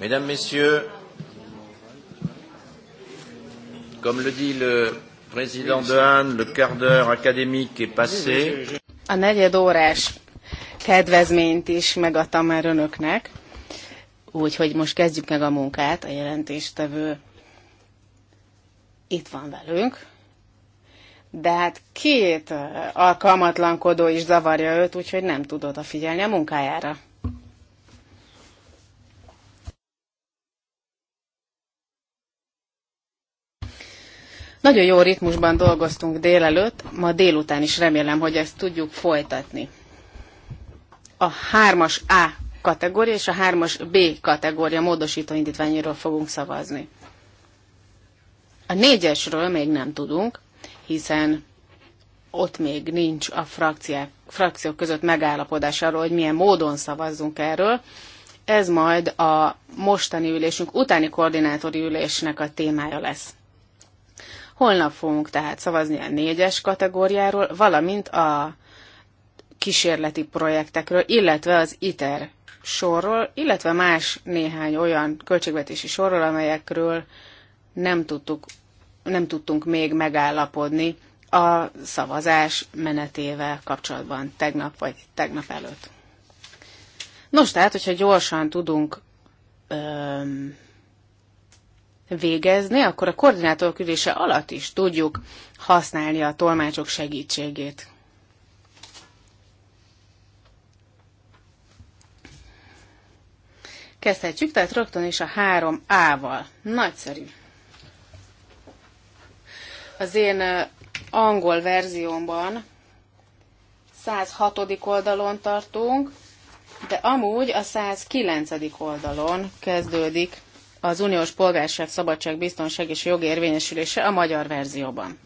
Mesdames, Messieurs, comme le dit le président de Han, le quart d'heure académique est passé. A negyed órás kedvezményt is megadtam már önöknek, úgyhogy most kezdjük meg a munkát. A jelentéstevő itt van velünk, de hát két alkalmatlankodó is zavarja őt, úgyhogy nem tudod a figyelni a munkájára. Nagyon jó ritmusban dolgoztunk délelőtt, ma délután is remélem, hogy ezt tudjuk folytatni. A 3 A kategória és a 3 B kategória módosító indítványról fogunk szavazni. A négyesről még nem tudunk, hiszen ott még nincs a frakciák, frakciók között megállapodás arról, hogy milyen módon szavazzunk erről. Ez majd a mostani ülésünk utáni koordinátori ülésnek a témája lesz. Holnap fogunk tehát szavazni a négyes kategóriáról, valamint a kísérleti projektekről, illetve az ITER sorról, illetve más néhány olyan költségvetési sorról, amelyekről nem, tudtuk, nem tudtunk még megállapodni a szavazás menetével kapcsolatban tegnap vagy tegnap előtt. Nos, tehát, hogyha gyorsan tudunk öm, végezni, akkor a koordinátor küldése alatt is tudjuk használni a tolmácsok segítségét. Kezdhetjük, tehát rögtön is a 3A-val. Nagyszerű. Az én angol verziómban 106. oldalon tartunk, de amúgy a 109. oldalon kezdődik az uniós polgárság, szabadság, biztonság és jog érvényesülése a magyar verzióban.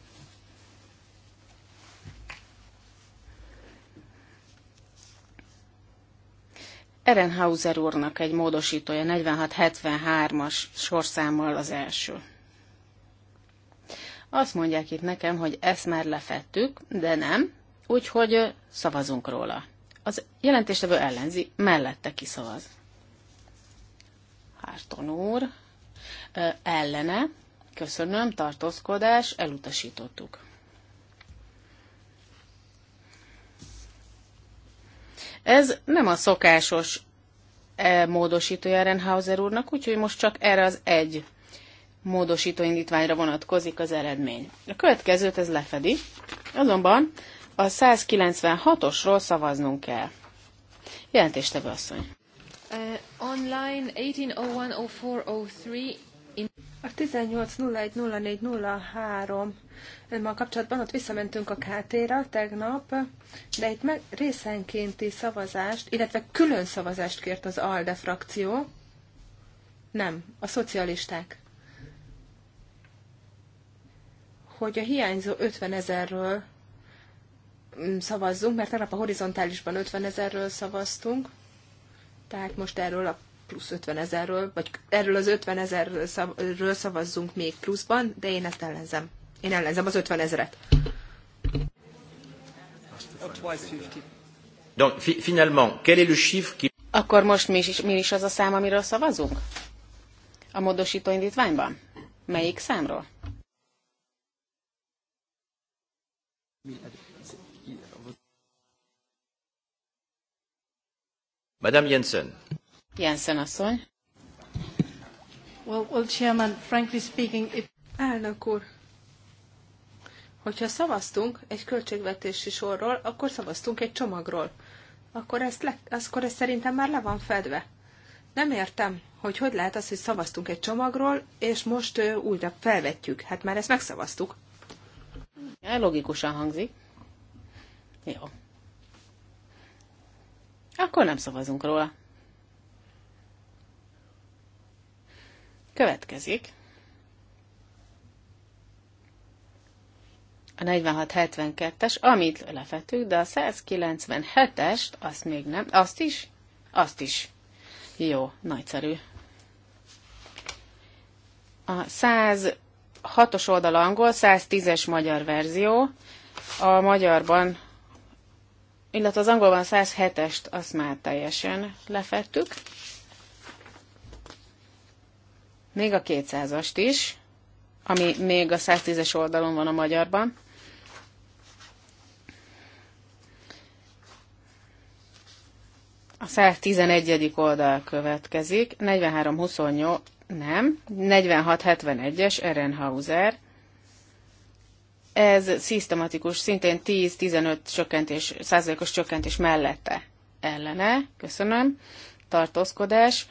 Erenhauser úrnak egy módosítója 4673-as sorszámmal az első. Azt mondják itt nekem, hogy ezt már lefettük, de nem, úgyhogy szavazunk róla. Az jelentéstevő ellenzi, mellette kiszavaz. Márton úr ellene, köszönöm, tartózkodás, elutasítottuk. Ez nem a szokásos e, módosítója Renhauser úrnak, úgyhogy most csak erre az egy módosítóindítványra vonatkozik az eredmény. A következőt ez lefedi, azonban a 196-osról szavaznunk kell. Jelentéstevő asszony. Uh, online 18010403 in... A 18.01.04.03 eh, ma kapcsolatban ott visszamentünk a KT-ra tegnap, de itt meg részenkénti szavazást, illetve külön szavazást kért az ALDE frakció. Nem, a szocialisták. Hogy a hiányzó 50 ezerről mm, szavazzunk, mert tegnap a horizontálisban 50 ezerről szavaztunk, tehát most erről a plusz 50 ezerről, vagy erről az 50 ezerről szavazzunk még pluszban, de én ezt ellenzem. Én ellenzem az 50 ezeret. Donc, finalement, quel est le chiffre qui... Akkor most mi is, mi is az a szám, amiről szavazunk? A módosító indítványban? Melyik számról? Madame Jensen. Jensen asszony. Well, well, Chairman, frankly speaking, Elnök úr, hogyha szavaztunk egy költségvetési sorról, akkor szavaztunk egy csomagról. Akkor, ezt le, akkor ez szerintem már le van fedve. Nem értem, hogy hogy lehet az, hogy szavaztunk egy csomagról, és most újra felvetjük. Hát már ezt megszavaztuk. Ja, logikusan hangzik. Jó. Akkor nem szavazunk róla. Következik. a 4672-es, amit lefettük, de a 197-est, azt még nem, azt is, azt is. Jó, nagyszerű. A 106-os oldal angol, 110-es magyar verzió, a magyarban illetve az angolban 107-est azt már teljesen lefettük. Még a 200-ast is, ami még a 110-es oldalon van a magyarban. A 111. oldal következik, 43-28, nem, 46-71-es Erenhauser, ez szisztematikus, szintén 10-15 csökkentés, százalékos csökkentés mellette ellene, köszönöm, tartózkodás,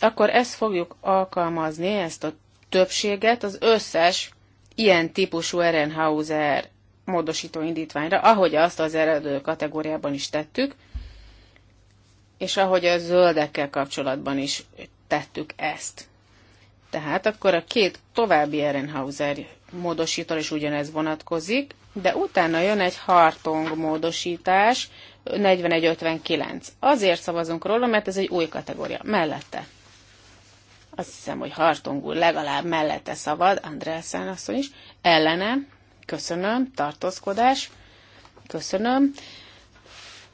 akkor ezt fogjuk alkalmazni, ezt a többséget az összes ilyen típusú Ehrenhauser módosító indítványra, ahogy azt az eredő kategóriában is tettük, és ahogy a zöldekkel kapcsolatban is tettük ezt. Tehát akkor a két további Ehrenhauser módosítól is ugyanez vonatkozik, de utána jön egy hartong módosítás, 41-59. Azért szavazunk róla, mert ez egy új kategória. Mellette. Azt hiszem, hogy Hartong úr legalább mellette szavad Andrészen asszony is. Ellene. Köszönöm. Tartózkodás. Köszönöm.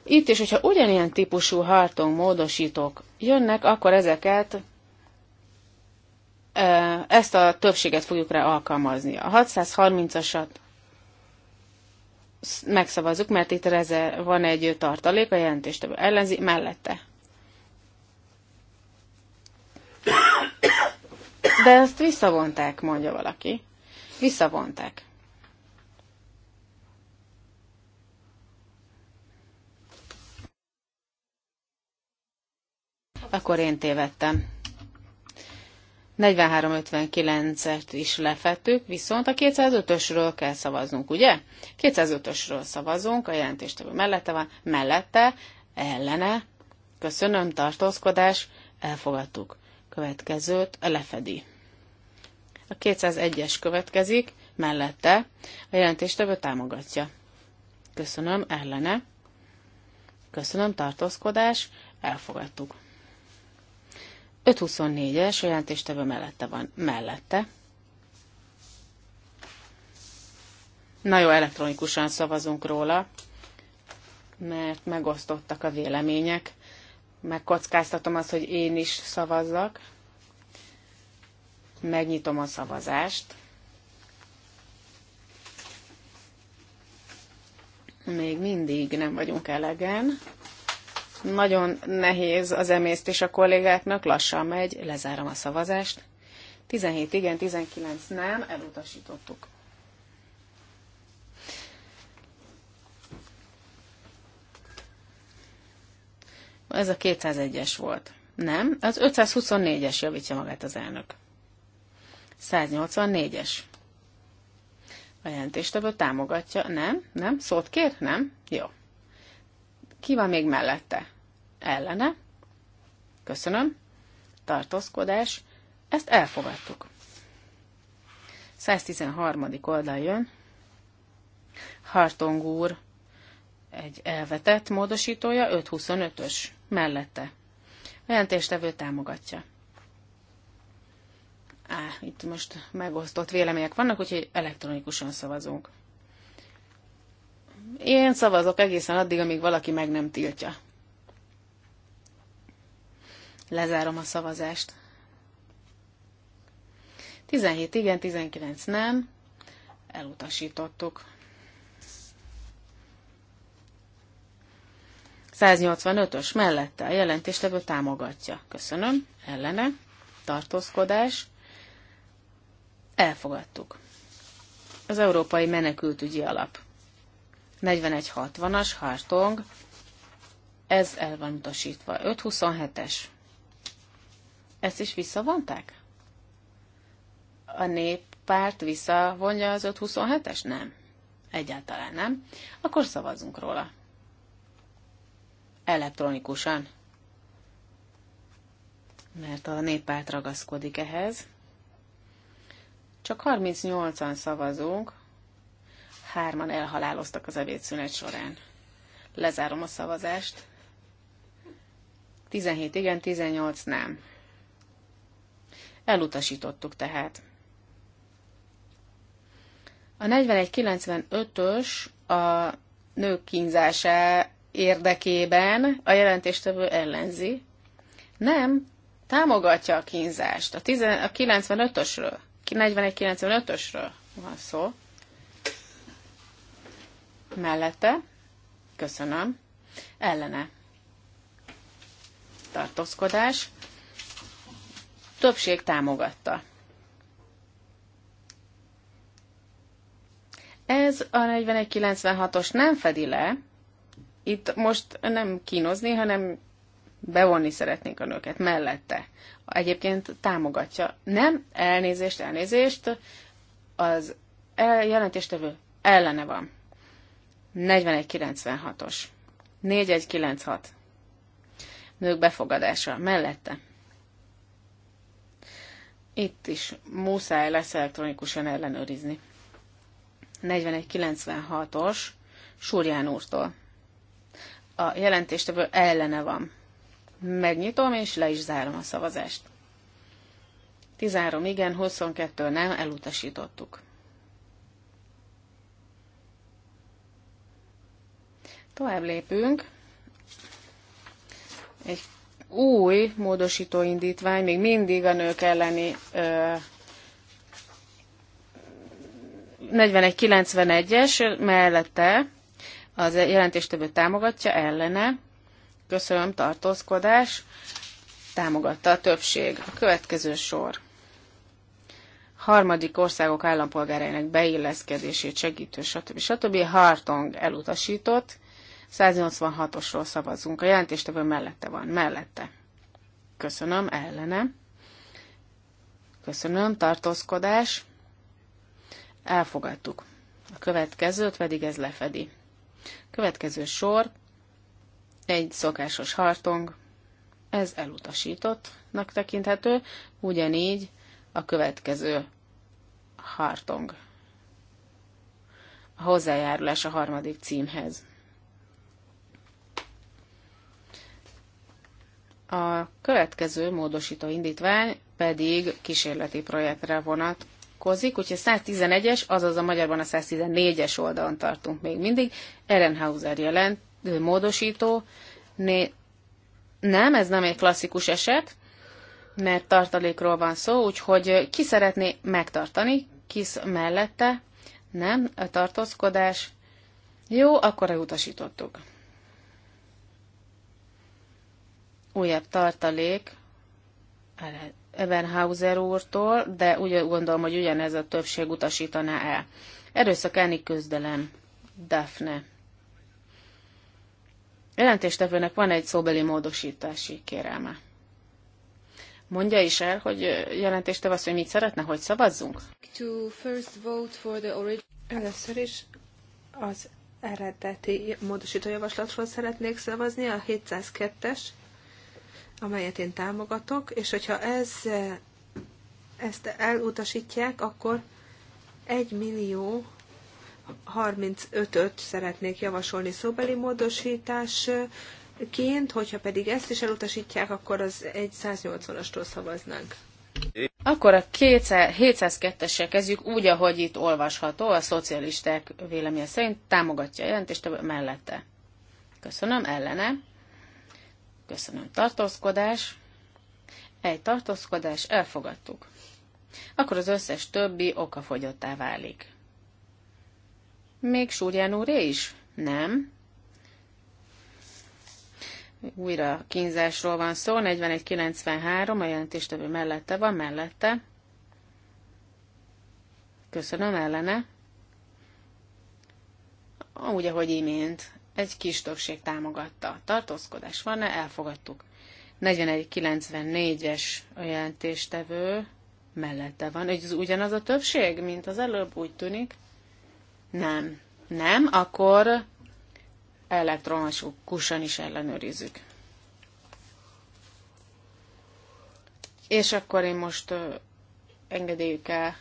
Itt is, hogyha ugyanilyen típusú Hartong módosítók jönnek, akkor ezeket ezt a többséget fogjuk rá alkalmazni. A 630-asat megszavazzuk, mert itt van egy tartalék, a jelentést ellenzi, mellette. De ezt visszavonták, mondja valaki. Visszavonták. Akkor én tévedtem. 43-59-et is lefettük, viszont a 205-ösről kell szavaznunk, ugye? 205-ösről szavazunk, a jelentéstevő mellette van, mellette, ellene, köszönöm, tartózkodás, elfogadtuk. Következőt lefedi. A 201-es következik, mellette, a jelentéstevő támogatja. Köszönöm, ellene, köszönöm, tartózkodás, elfogadtuk. 524-es jelentéstevő mellette van. Mellette. Na jó, elektronikusan szavazunk róla, mert megosztottak a vélemények. Megkockáztatom azt, hogy én is szavazzak. Megnyitom a szavazást. Még mindig nem vagyunk elegen. Nagyon nehéz az emésztés a kollégáknak, lassan megy, lezárom a szavazást. 17 igen, 19 nem, elutasítottuk. Ez a 201-es volt. Nem, az 524-es javítja magát az elnök. 184-es. A jelentéstevő támogatja. Nem? Nem? Szót kér? Nem? Jó. Ki van még mellette? Ellene. Köszönöm. Tartózkodás. Ezt elfogadtuk. 113. oldal jön. Hartong úr egy elvetett módosítója, 525-ös mellette. A jelentéstevő támogatja. Á, itt most megosztott vélemények vannak, úgyhogy elektronikusan szavazunk. Én szavazok egészen addig, amíg valaki meg nem tiltja. Lezárom a szavazást. 17 igen, 19 nem. Elutasítottuk. 185-ös mellette a jelentéstevő támogatja. Köszönöm. Ellene. Tartózkodás. Elfogadtuk. Az Európai Menekültügyi Alap. 4160-as Hartong, ez el van utasítva. 527-es. Ezt is visszavonták? A néppárt visszavonja az 527-es? Nem. Egyáltalán nem. Akkor szavazunk róla. Elektronikusan. Mert a néppárt ragaszkodik ehhez. Csak 38-an szavazunk, Hárman elhaláloztak az ebédszünet során. Lezárom a szavazást. 17 igen, 18 nem. Elutasítottuk tehát. A 4195-ös a nők kínzása érdekében a jelentéstevő ellenzi. Nem, támogatja a kínzást. A, 10, a 95-ösről, ösről van szó mellette, köszönöm, ellene tartózkodás, többség támogatta. Ez a 4196-os nem fedi le, itt most nem kínozni, hanem bevonni szeretnénk a nőket mellette. Egyébként támogatja. Nem, elnézést, elnézést, az jelentéstevő ellene van. 4196-os. 4196. Nők befogadása. Mellette. Itt is muszáj lesz elektronikusan ellenőrizni. 4196-os Súrján úrtól. A jelentéstevő ellene van. Megnyitom és le is zárom a szavazást. 13 igen, 22 nem, elutasítottuk. Tovább lépünk. Egy új módosító indítvány, még mindig a nők elleni ö, 91 es mellette az jelentéstevő támogatja, ellene, köszönöm, tartózkodás, támogatta a többség. A következő sor. Harmadik országok állampolgárainak beilleszkedését segítő, stb. stb. Hartong elutasított, 186-osról szavazzunk. A jelentéstevő mellette van. Mellette. Köszönöm. Ellene. Köszönöm. Tartózkodás. Elfogadtuk. A következőt pedig ez lefedi. Következő sor. Egy szokásos hartong. Ez elutasítottnak tekinthető. Ugyanígy a következő hartong. A hozzájárulás a harmadik címhez. A következő módosító indítvány pedig kísérleti projektre vonatkozik, úgyhogy 111-es, azaz a magyarban a 114-es oldalon tartunk még mindig. Ehrenhauser jelent módosító. Né- nem, ez nem egy klasszikus eset, mert tartalékról van szó, úgyhogy ki szeretné megtartani, kis mellette, nem, a tartózkodás. Jó, akkor elutasítottuk. újabb tartalék Ebenhauser úrtól, de úgy gondolom, hogy ugyanez a többség utasítaná el. Erőszak elni közdelem. Daphne. Jelentéstevőnek van egy szóbeli módosítási kérelme. Mondja is el, hogy jelentéstev azt, hogy mit szeretne, hogy szavazzunk? Először is az eredeti módosítójavaslatról javaslatról szeretnék szavazni, a 702-es amelyet én támogatok, és hogyha ez, ezt elutasítják, akkor 1 millió 35-öt szeretnék javasolni szóbeli módosításként, hogyha pedig ezt is elutasítják, akkor az egy 180-astól szavaznánk. Akkor a 702-essel kezdjük úgy, ahogy itt olvasható, a szocialisták véleménye szerint támogatja a jelentést, mellette. Köszönöm, ellene Köszönöm. Tartózkodás. Egy tartózkodás. Elfogadtuk. Akkor az összes többi okafogyottá válik. Még Súrján úré is? Nem. Újra kínzásról van szó. 41.93 a jelentéstevő mellette van, mellette. Köszönöm, ellene. Úgy, ahogy imént egy kis többség támogatta. Tartózkodás van-e? Elfogadtuk. 41.94-es jelentéstevő mellette van. Ez ugyanaz a többség, mint az előbb, úgy tűnik? Nem. Nem, akkor elektronikusan is ellenőrizzük. És akkor én most engedélyükkel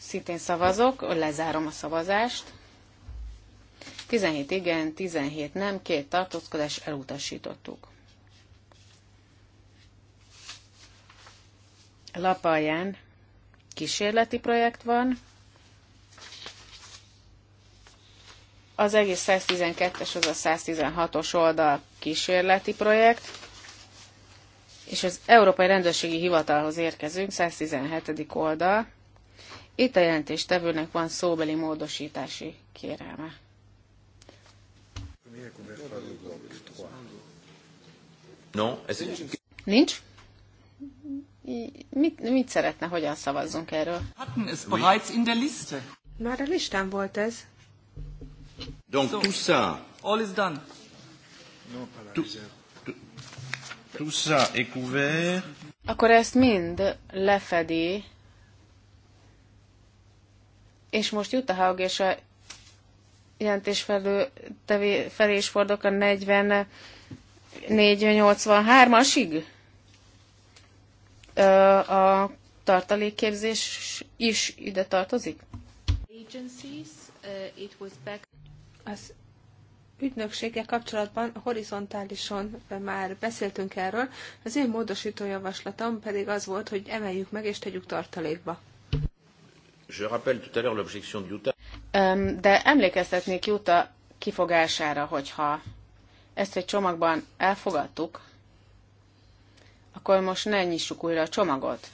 szintén szavazok, lezárom a szavazást. 17 igen, 17 nem, két tartózkodás elutasítottuk. Lapaján kísérleti projekt van. Az egész 112-es, az a 116-os oldal kísérleti projekt, és az Európai Rendőrségi Hivatalhoz érkezünk, 117. oldal. Itt a jelentéstevőnek van szóbeli módosítási kérelme. No, ez egy... Nincs? Mit, mit szeretne, hogyan szavazzunk erről? es bereits in der Liste. Már a listán volt ez. Donc so, tout ça. All is done. No, tout, tout, tout ça est couvert. Akkor ezt mind lefedi. És most jut a Haug és a jelentés felé is fordok a 40 483-asig a tartalékképzés is ide tartozik? Uh, az ügynökséggel kapcsolatban horizontálisan már beszéltünk erről, az én módosító javaslatom pedig az volt, hogy emeljük meg és tegyük tartalékba. Je rappelle tout à l'heure l'objection de Utah. De emlékeztetnék Utah kifogására, hogyha ezt egy csomagban elfogadtuk, akkor most ne nyissuk újra a csomagot.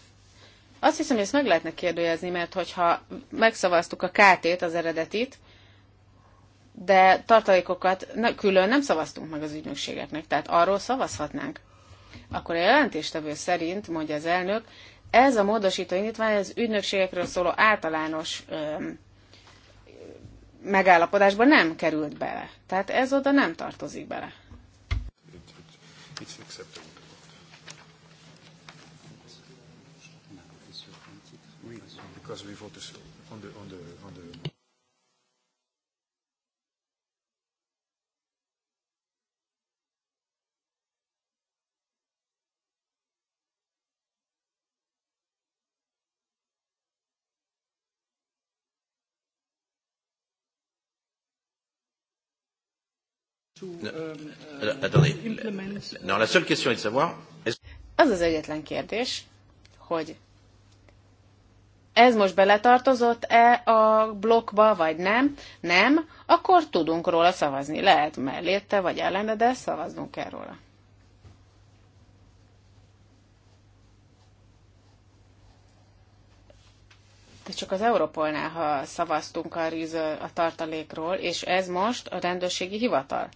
Azt hiszem, hogy ezt meg lehetne kérdőjezni, mert hogyha megszavaztuk a KT-t, az eredetit, de tartalékokat külön nem szavaztunk meg az ügynökségeknek, tehát arról szavazhatnánk. Akkor a jelentéstevő szerint, mondja az elnök, ez a módosító indítvány az ügynökségekről szóló általános öm, megállapodásba nem került bele. Tehát ez oda nem tartozik bele. Because we voted on the, on the Um, uh, az az egyetlen kérdés, hogy ez most beletartozott-e a blokkba, vagy nem? Nem, akkor tudunk róla szavazni. Lehet mellette vagy ellene, de szavaznunk kell róla. De csak az Európolnál, ha szavaztunk a, a tartalékról, és ez most a rendőrségi hivatal.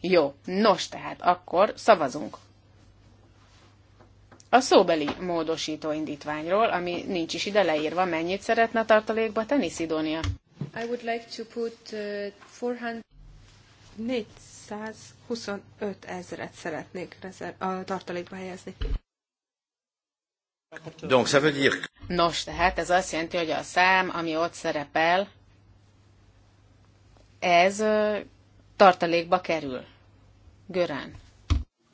Jó, nos tehát, akkor szavazunk. A szóbeli módosító indítványról, ami nincs is ide leírva, mennyit szeretne tartalékba tenni Szidónia? I would like to put uh, 425 ezeret szeretnék a tartalékba helyezni. Donc, ça veut dire... Nos, tehát ez azt jelenti, hogy a szám, ami ott szerepel, ez uh, tartalékba kerül. Görán.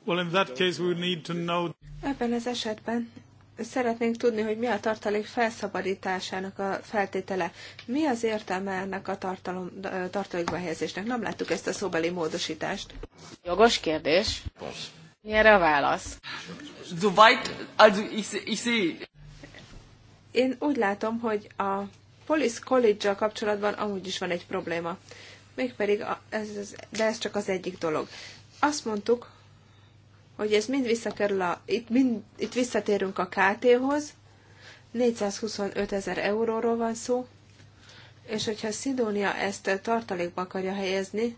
Well, in that case we need to know... Ebben az esetben szeretnénk tudni, hogy mi a tartalék felszabadításának a feltétele. Mi az értelme ennek a tartalom, tartalékba helyezésnek? Nem láttuk ezt a szóbeli módosítást. Jogos kérdés. Mi erre a válasz? Soweit, also ich, ich see. Én úgy látom, hogy a Police college kapcsolatban amúgy is van egy probléma mégpedig, a, ez, ez, de ez csak az egyik dolog. Azt mondtuk, hogy ez mind visszakerül a, itt, mind, itt visszatérünk a KT-hoz, 425 ezer euróról van szó, és hogyha Szidónia ezt tartalékba akarja helyezni,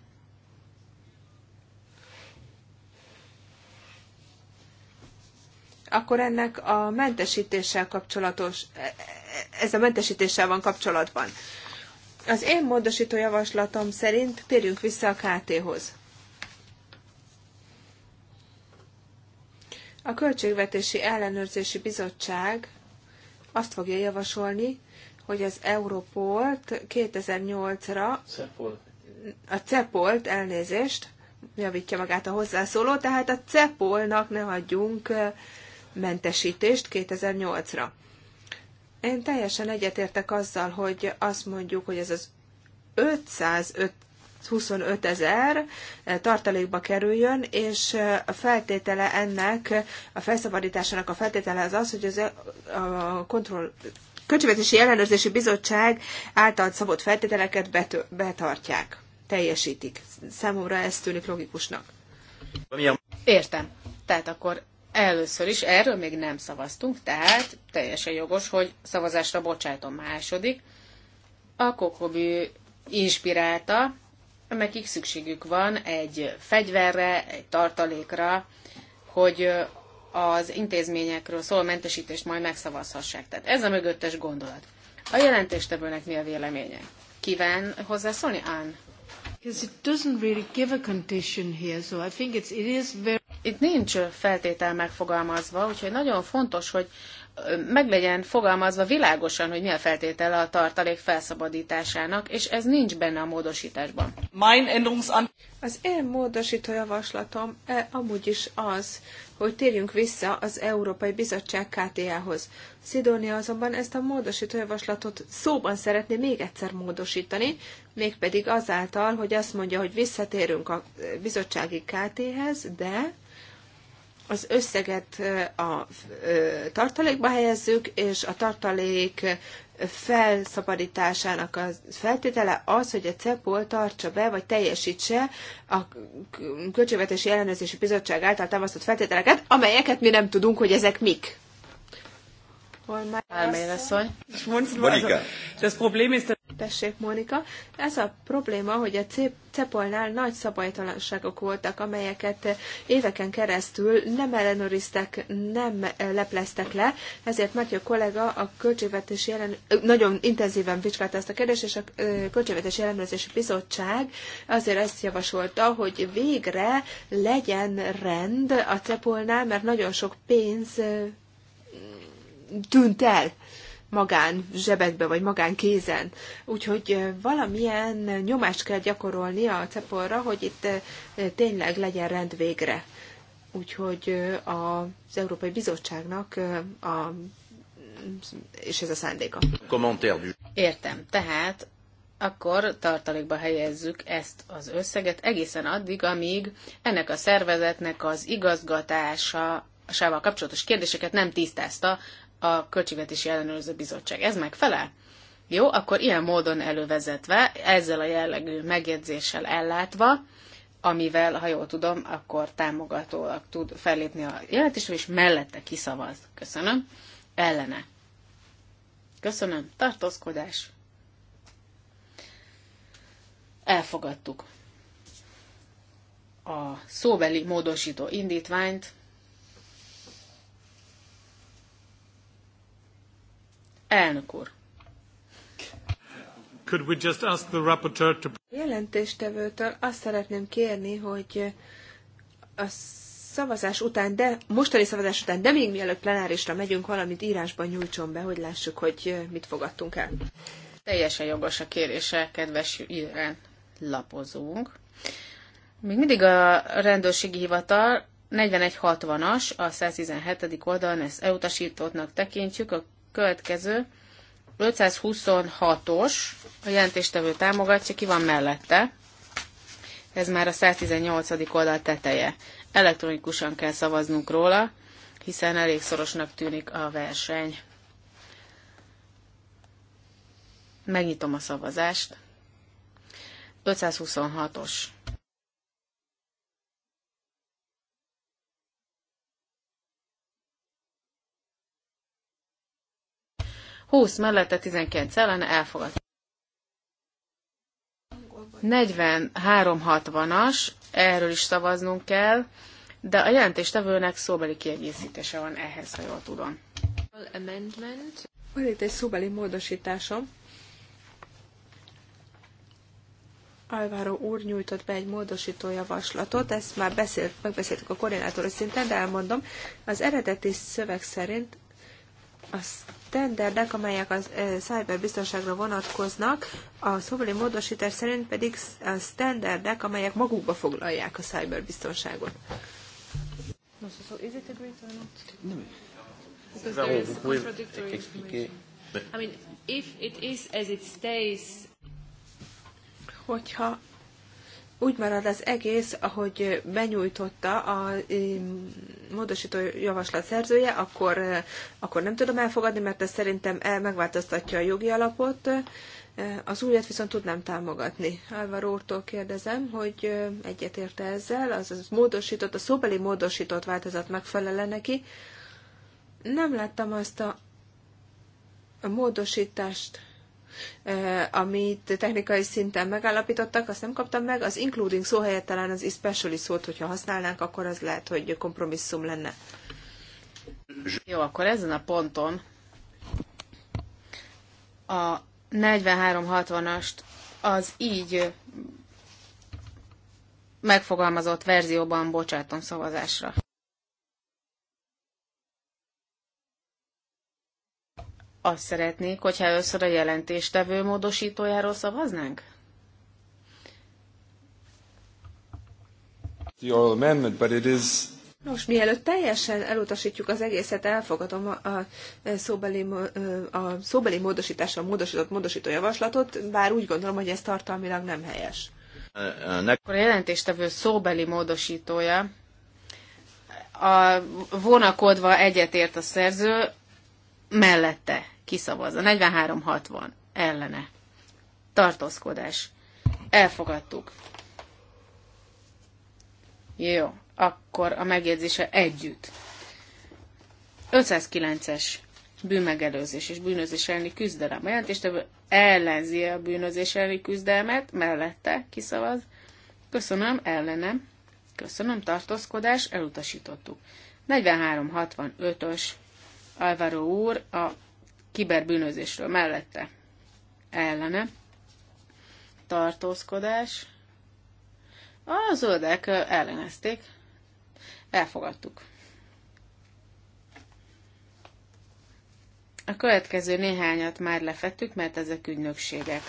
akkor ennek a mentesítéssel kapcsolatos, e- e- ez a mentesítéssel van kapcsolatban. Az én módosító javaslatom szerint térjünk vissza a KT-hoz. A Költségvetési Ellenőrzési Bizottság azt fogja javasolni, hogy az Európolt 2008-ra a Cepolt elnézést javítja magát a hozzászóló, tehát a Cepolnak ne adjunk mentesítést 2008-ra. Én teljesen egyetértek azzal, hogy azt mondjuk, hogy ez az 505 25 ezer eh, tartalékba kerüljön, és eh, a feltétele ennek, a felszabadításának a feltétele az az, hogy az eh, a kontroll, Költségvetési Ellenőrzési Bizottság által szabott feltételeket betö, betartják, teljesítik. Számomra ez tűnik logikusnak. Értem. Tehát akkor Először is erről még nem szavaztunk, tehát teljesen jogos, hogy szavazásra bocsátom második. A Kokobi inspirálta, nekik szükségük van egy fegyverre, egy tartalékra, hogy az intézményekről szól mentesítést majd megszavazhassák. Tehát ez a mögöttes gondolat. A jelentéstevőnek mi a véleménye? Kíván hozzászólni, Ann? Because it doesn't really give a condition here, so I think it's, it is very itt nincs feltétel megfogalmazva, úgyhogy nagyon fontos, hogy meg legyen fogalmazva világosan, hogy mi a feltétele a tartalék felszabadításának, és ez nincs benne a módosításban. Az én módosító javaslatom e, amúgy is az, hogy térjünk vissza az Európai Bizottság KTA-hoz. Szidónia azonban ezt a módosító javaslatot szóban szeretné még egyszer módosítani, mégpedig azáltal, hogy azt mondja, hogy visszatérünk a bizottsági KT-hez, de az összeget a tartalékba helyezzük, és a tartalék felszabadításának a feltétele az, hogy a CEPOL tartsa be, vagy teljesítse a Költségvetési Ellenőrzési Bizottság által támasztott feltételeket, amelyeket mi nem tudunk, hogy ezek mik. Elmélyre szólj. Das Problem ist, Tessék, Mónika. Ez a probléma, hogy a Cepolnál nagy szabálytalanságok voltak, amelyeket éveken keresztül nem ellenőriztek, nem lepleztek le, ezért Matyó kollega a költségvetés jelen... nagyon intenzíven vizsgálta ezt a kérdést, és a költségvetés Ellenőrzési Bizottság azért ezt javasolta, hogy végre legyen rend a Cepolnál, mert nagyon sok pénz tűnt el magán zsebekbe, vagy magán kézen. Úgyhogy valamilyen nyomást kell gyakorolni a cepolra, hogy itt tényleg legyen rend végre. Úgyhogy az Európai Bizottságnak a, és ez a szándéka. Értem. Tehát akkor tartalékba helyezzük ezt az összeget egészen addig, amíg ennek a szervezetnek az igazgatása sával kapcsolatos kérdéseket nem tisztázta a Költségvetési Ellenőrző Bizottság. Ez megfelel? Jó, akkor ilyen módon elővezetve, ezzel a jellegű megjegyzéssel ellátva, amivel, ha jól tudom, akkor támogatólag tud fellépni a jelentésre, és mellette kiszavaz. Köszönöm. Ellene. Köszönöm. Tartózkodás. Elfogadtuk a szóbeli módosító indítványt Elnök úr. Could we just ask the rapporteur to... Jelentéstevőtől azt szeretném kérni, hogy a szavazás után, de mostani szavazás után, de még mielőtt plenárisra megyünk, valamit írásban nyújtson be, hogy lássuk, hogy mit fogadtunk el. Teljesen jogos a kérése, kedves Irán lapozunk. Még mindig a rendőrségi hivatal 4160-as, a 117. oldalon ezt elutasítottnak tekintjük, a Következő. 526-os. A jelentéstevő támogatja, ki van mellette. Ez már a 118. oldal teteje. Elektronikusan kell szavaznunk róla, hiszen elég szorosnak tűnik a verseny. Megnyitom a szavazást. 526-os. 20 mellette 19 ellen elfogad. 43-60-as, erről is szavaznunk kell, de a jelentéstevőnek szóbeli kiegészítése van ehhez, ha jól tudom. Van itt egy szóbeli módosításom. Alvaro úr nyújtott be egy módosító javaslatot, ezt már beszélt, megbeszéltük a koordinátoros szinten, de elmondom, az eredeti szöveg szerint az tendernek, amelyek a cyberbiztonságra vonatkoznak, a szóbeli módosítás szerint pedig a standardek, amelyek magukba foglalják a cyberbiztonságot. I mean, if it is as it stays, hogyha úgy marad az egész, ahogy benyújtotta a módosító javaslat szerzője, akkor, eh, akkor nem tudom elfogadni, mert ez szerintem megváltoztatja a jogi alapot. Eh, az újat viszont tudnám támogatni. Álvar úrtól kérdezem, hogy eh, egyetérte ezzel, azaz módosított, a szóbeli módosított változat megfelele neki. Nem láttam azt a, a módosítást, amit technikai szinten megállapítottak, azt nem kaptam meg. Az including szó helyett talán az especially szót, hogyha használnánk, akkor az lehet, hogy kompromisszum lenne. Jó, akkor ezen a ponton a 4360-ast az így megfogalmazott verzióban bocsátom szavazásra. Azt szeretnék, hogyha először a jelentéstevő módosítójáról szavaznánk? The amendment, but it is Nos, mielőtt teljesen elutasítjuk az egészet, elfogadom a, a, e, szóbeli, e, a szóbeli a módosított módosító javaslatot, bár úgy gondolom, hogy ez tartalmilag nem helyes. E, Akkor a jelentéstevő szóbeli módosítója a vonakodva egyetért a szerző, mellette kiszavazza. 43-60 ellene. Tartózkodás. Elfogadtuk. Jó, akkor a megjegyzése együtt. 509-es bűnmegelőzés és bűnözés elleni küzdelem. Jelentéstevő ellenzi a bűnözés elleni küzdelmet, mellette kiszavaz. Köszönöm, ellenem. Köszönöm, tartózkodás, elutasítottuk. 43-65-ös Álvaro úr a kiberbűnözésről mellette ellene. Tartózkodás. A zöldek ellenezték. Elfogadtuk. A következő néhányat már lefettük, mert ezek ügynökségek.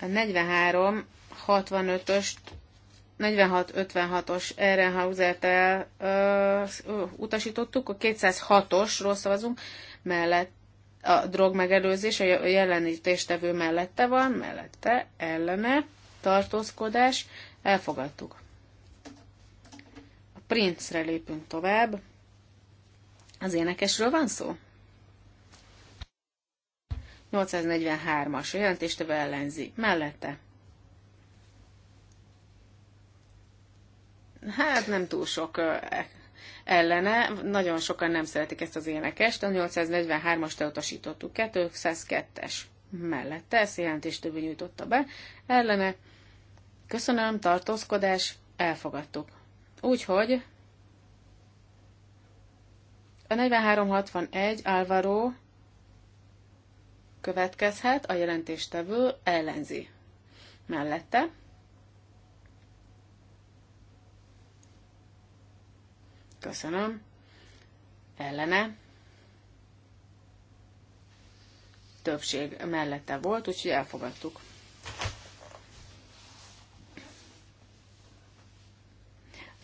A 43 65-öst 46-56-os Ehrenhausert el utasítottuk, a 206-osról szavazunk, mellett a drog megelőzés, a jelenítéstevő mellette van, mellette, ellene, tartózkodás, elfogadtuk. A prince lépünk tovább. Az énekesről van szó? 843-as, a jelentéstevő ellenzi, mellette, Hát nem túl sok e, ellene, nagyon sokan nem szeretik ezt az énekest, a 843-ast elutasítottuk, 202-es mellette, ezt többi nyújtotta be, ellene, köszönöm, tartózkodás, elfogadtuk. Úgyhogy a 4361 Álvaro következhet, a jelentéstevő ellenzi. Mellette Köszönöm. Ellene. Többség mellette volt, úgyhogy elfogadtuk.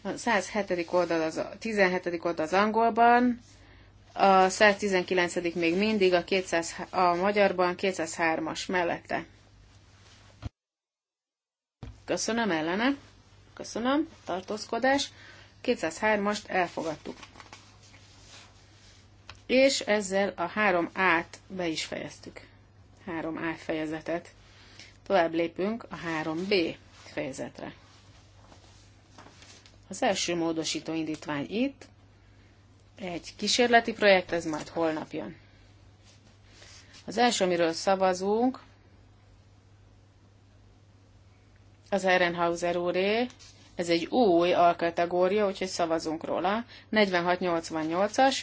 A 107. oldal az, a 17. oldal az angolban, a 119. még mindig, a, 200, a magyarban 203-as mellette. Köszönöm ellene. Köszönöm. Tartózkodás. 203-ast elfogadtuk. És ezzel a három át be is fejeztük. Három A fejezetet. Tovább lépünk a 3B fejezetre. Az első módosító indítvány itt, egy kísérleti projekt, ez majd holnap jön. Az első, amiről szavazunk, az Ehrenhauser úré, ez egy új alkategória, úgyhogy szavazunk róla. 4688-as,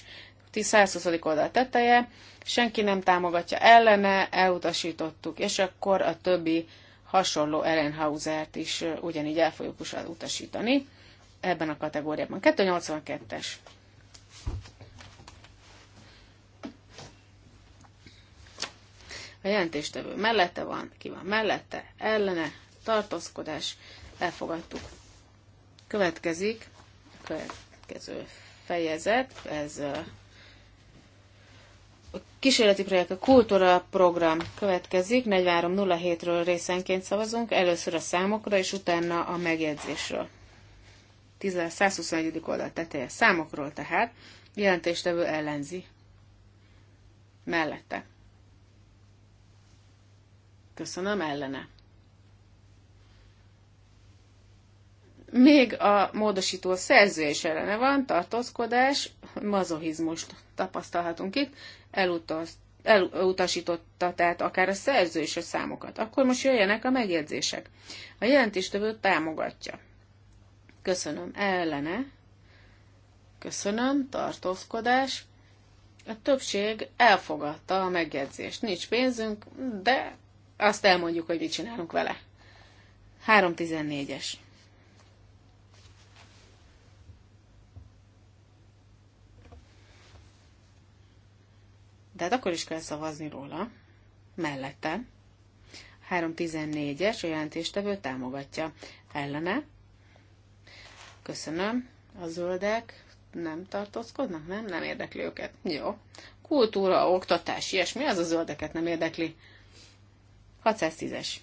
120. oldal teteje, senki nem támogatja ellene, elutasítottuk, és akkor a többi hasonló Ellenhausert is ugyanígy el fogjuk utasítani ebben a kategóriában. 282-es. A jelentéstevő mellette van, ki van mellette, ellene, tartózkodás, elfogadtuk. Következik a következő fejezet, ez a kísérleti projekt, a kultúra program következik, 4307-ről részenként szavazunk, először a számokra, és utána a megjegyzésről. 121. oldal teteje számokról tehát, jelentéstevő ellenzi. Mellette. Köszönöm, ellene. Még a módosító is ellene van, tartózkodás, mazohizmust tapasztalhatunk itt, elutaz, elutasította tehát akár a szerző is a számokat. Akkor most jöjjenek a megjegyzések. A jelentéstövő támogatja. Köszönöm. Ellene. Köszönöm. Tartózkodás. A többség elfogadta a megjegyzést. Nincs pénzünk, de azt elmondjuk, hogy mit csinálunk vele. 314-es. De hát akkor is kell szavazni róla. Mellette. 314-es a jelentéstevő támogatja. Ellene. Köszönöm. A zöldek nem tartózkodnak, nem? Nem érdekli őket. Jó. Kultúra, oktatás, ilyesmi, az a zöldeket nem érdekli. 610-es.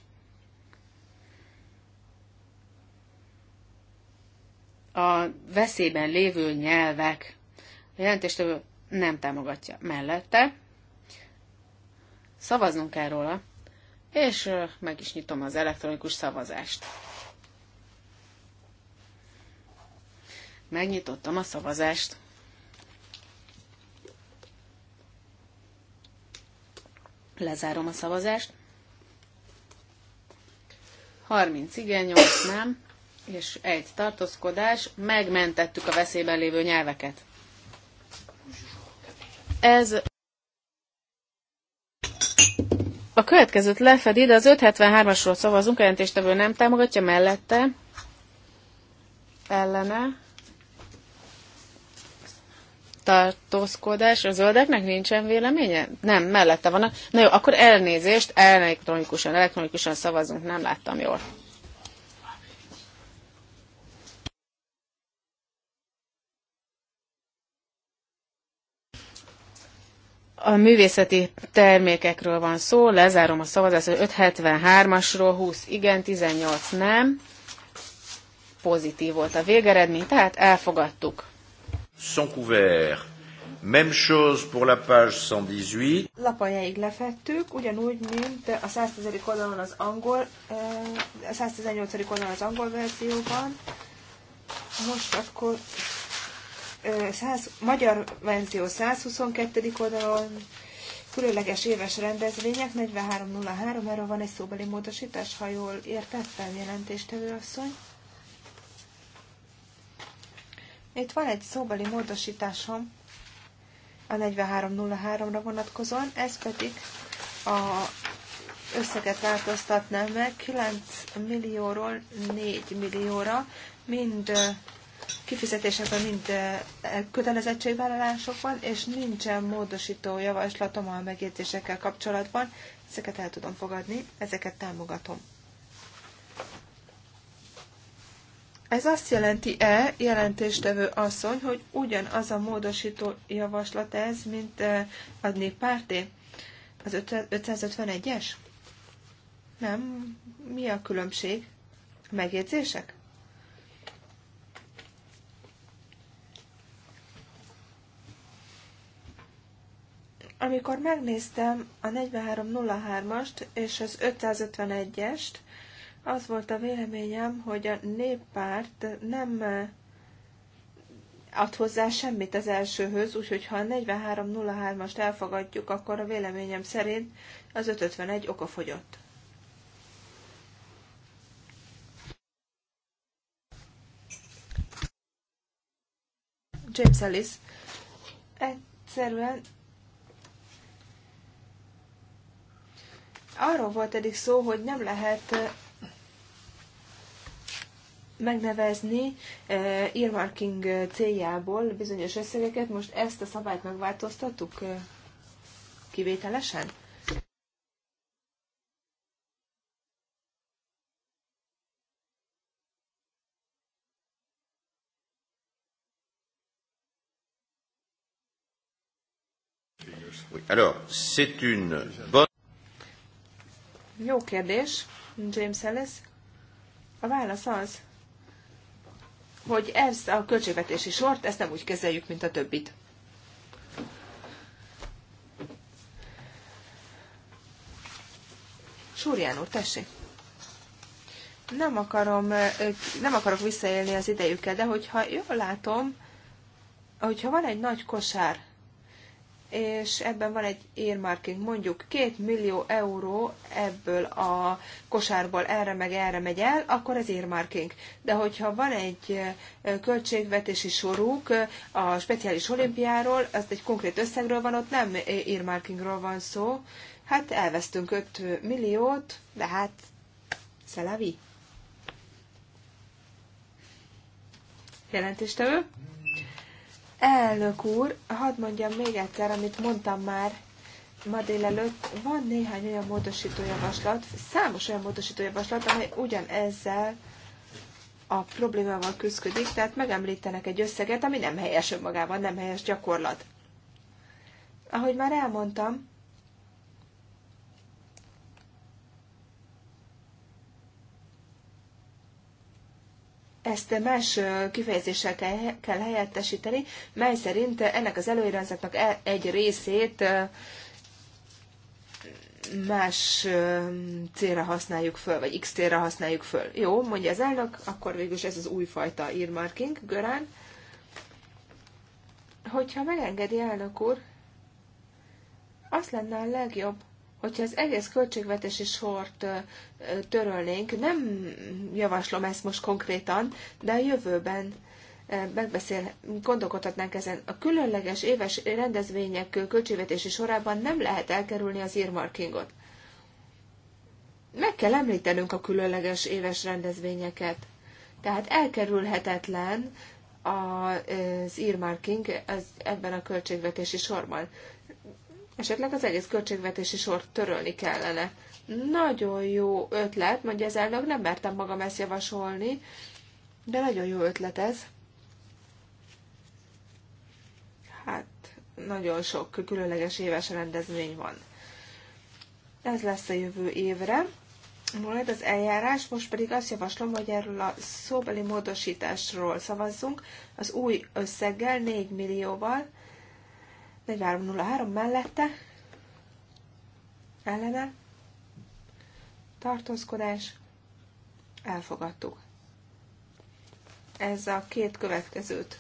A veszélyben lévő nyelvek. A jelentéstevő nem támogatja mellette. Szavaznunk kell róla, és meg is nyitom az elektronikus szavazást. Megnyitottam a szavazást. Lezárom a szavazást. 30 igen, 8 nem, és egy tartózkodás, megmentettük a veszélyben lévő nyelveket. Ez következőt lefedi, de az 573-asról szavazunk, a jelentéstevő nem támogatja mellette, ellene, tartózkodás, a zöldeknek nincsen véleménye? Nem, mellette vannak. Na jó, akkor elnézést, elektronikusan, elektronikusan szavazunk, nem láttam jól. A művészeti termékekről van szó, lezárom a szavazást, 573-asról 20 igen, 18 nem. Pozitív volt a végeredmény, tehát elfogadtuk. Sans couvert. Même chose pour la page 118. Lapajáig lefettük, ugyanúgy, mint a 110. oldalon az angol, a 118. oldalon az angol verzióban. Most akkor 100, magyar verzió 122. oldalon különleges éves rendezvények 4303, erről van egy szóbeli módosítás, ha jól értettem, jelentéstevő asszony. Itt van egy szóbeli módosításom a 4303-ra vonatkozóan, ez pedig a összeget változtatnám meg 9 millióról 4 millióra, mind kifizetésekben mind eh, kötelezettségvállalások van, és nincsen módosító javaslatom a megjegyzésekkel kapcsolatban. Ezeket el tudom fogadni, ezeket támogatom. Ez azt jelenti-e, jelentéstevő asszony, hogy ugyanaz a módosító javaslat ez, mint eh, a néppárté? Az 551-es? Nem. Mi a különbség? Megjegyzések? Amikor megnéztem a 4303-ast és az 551-est, az volt a véleményem, hogy a néppárt nem ad hozzá semmit az elsőhöz, úgyhogy ha a 4303-ast elfogadjuk, akkor a véleményem szerint az 551 oka fogyott. James Ellis egyszerűen Arról volt eddig szó, hogy nem lehet megnevezni earmarking céljából bizonyos összegeket. Most ezt a szabályt megváltoztattuk kivételesen? Alors, c'est une bonne... Jó kérdés, James Ellis. A válasz az, hogy ezt a költségvetési sort, ezt nem úgy kezeljük, mint a többit. Súrján úr, tessék! Nem, akarom, nem akarok visszaélni az idejükkel, de hogyha jól látom, hogyha van egy nagy kosár és ebben van egy earmarking, mondjuk 2 millió euró ebből a kosárból erre meg erre megy el, akkor ez earmarking. De hogyha van egy költségvetési soruk a speciális olimpiáról, az egy konkrét összegről van, ott nem earmarkingról van szó, hát elvesztünk 5 milliót, de hát szelavi. Jelentéstevő? Mm. Elnök úr, hadd mondjam még egyszer, amit mondtam már ma délelőtt, van néhány olyan módosítójavaslat, számos olyan módosítójavaslat, amely ugyanezzel a problémával küzdik, tehát megemlítenek egy összeget, ami nem helyes önmagában, nem helyes gyakorlat. Ahogy már elmondtam, ezt más kifejezéssel kell, helyettesíteni, mely szerint ennek az előirányzatnak e, egy részét más célra használjuk föl, vagy X célra használjuk föl. Jó, mondja az elnök, akkor végül is ez az újfajta earmarking, Görán. Hogyha megengedi elnök úr, az lenne a legjobb, hogyha az egész költségvetési sort törölnénk, nem javaslom ezt most konkrétan, de a jövőben megbeszél, gondolkodhatnánk ezen. A különleges éves rendezvények költségvetési sorában nem lehet elkerülni az earmarkingot. Meg kell említenünk a különleges éves rendezvényeket. Tehát elkerülhetetlen az earmarking ebben a költségvetési sorban esetleg az egész költségvetési sort törölni kellene. Nagyon jó ötlet, mondja az elnök, nem mertem magam ezt javasolni, de nagyon jó ötlet ez. Hát, nagyon sok különleges éves rendezvény van. Ez lesz a jövő évre. Majd az eljárás, most pedig azt javaslom, hogy erről a szóbeli módosításról szavazzunk, az új összeggel, 4 millióval, 4303 mellette ellene tartózkodás elfogadtuk. Ez a két következőt